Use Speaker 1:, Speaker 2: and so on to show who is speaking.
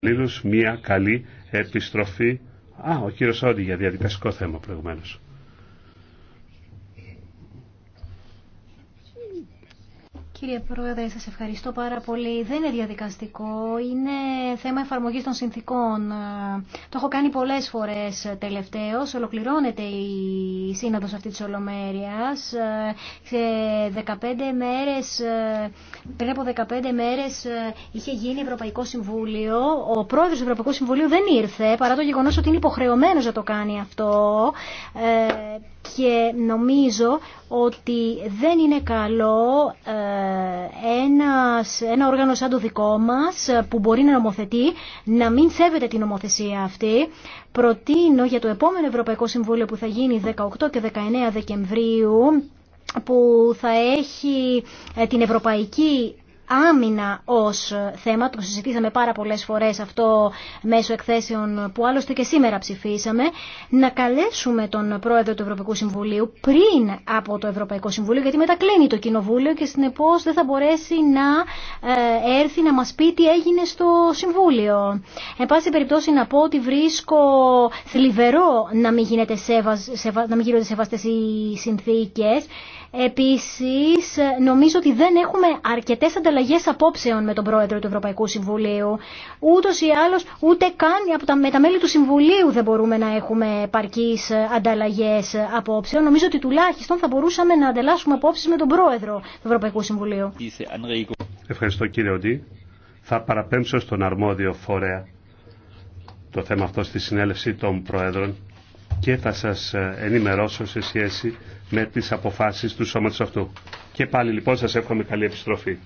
Speaker 1: Λίλους μια καλή επιστροφή. Α, ο κύριος Όντι για διαδικαστικό θέμα προηγουμένως.
Speaker 2: Κύριε Πρόεδρε, σας ευχαριστώ πάρα πολύ. Δεν είναι διαδικαστικό, είναι θέμα εφαρμογής των συνθήκων. Το έχω κάνει πολλές φορές τελευταίως. Ολοκληρώνεται η σύνοδος αυτή της Ολομέρειας. Σε 15 μέρες, πριν από 15 μέρες είχε γίνει Ευρωπαϊκό Συμβούλιο. Ο πρόεδρος του Ευρωπαϊκού Συμβουλίου δεν ήρθε, παρά το γεγονός ότι είναι υποχρεωμένος να το κάνει αυτό. Ε, και νομίζω ότι δεν είναι καλό ε, ένα όργανο σαν το δικό μας ε, που μπορεί να νομοθετεί να μην σέβεται την νομοθεσία αυτή. Προτείνω για το επόμενο Ευρωπαϊκό Συμβούλιο που θα γίνει 18 και 19 Δεκεμβρίου που θα έχει ε, την Ευρωπαϊκή άμυνα ως θέμα, το συζητήσαμε πάρα πολλές φορές αυτό μέσω εκθέσεων που άλλωστε και σήμερα ψηφίσαμε, να καλέσουμε τον πρόεδρο του Ευρωπαϊκού Συμβουλίου πριν από το Ευρωπαϊκό Συμβούλιο, γιατί μετά το Κοινοβούλιο και συνεπώς δεν θα μπορέσει να ε, έρθει να μας πει τι έγινε στο Συμβούλιο. Εν πάση περιπτώσει να πω ότι βρίσκω θλιβερό να μην, να μην γίνονται σεβαστές οι συνθήκες Επίσης, νομίζω ότι δεν έχουμε αρκετές ανταλλαγές απόψεων με τον Πρόεδρο του Ευρωπαϊκού Συμβουλίου. ούτε ή άλλως, ούτε καν από τα, με τα μέλη του Συμβουλίου δεν μπορούμε να έχουμε παρκείς ανταλλαγές απόψεων. Νομίζω ότι τουλάχιστον θα μπορούσαμε να ανταλλάσσουμε απόψεις με τον Πρόεδρο του Ευρωπαϊκού Συμβουλίου.
Speaker 1: Ευχαριστώ κύριε Οντή. Θα παραπέμψω στον αρμόδιο φορέα το θέμα αυτό στη συνέλευση των Προέδρων και θα σας ενημερώσω σε σχέση με τις αποφάσεις του σώματος αυτού. Και πάλι λοιπόν σας εύχομαι καλή επιστροφή.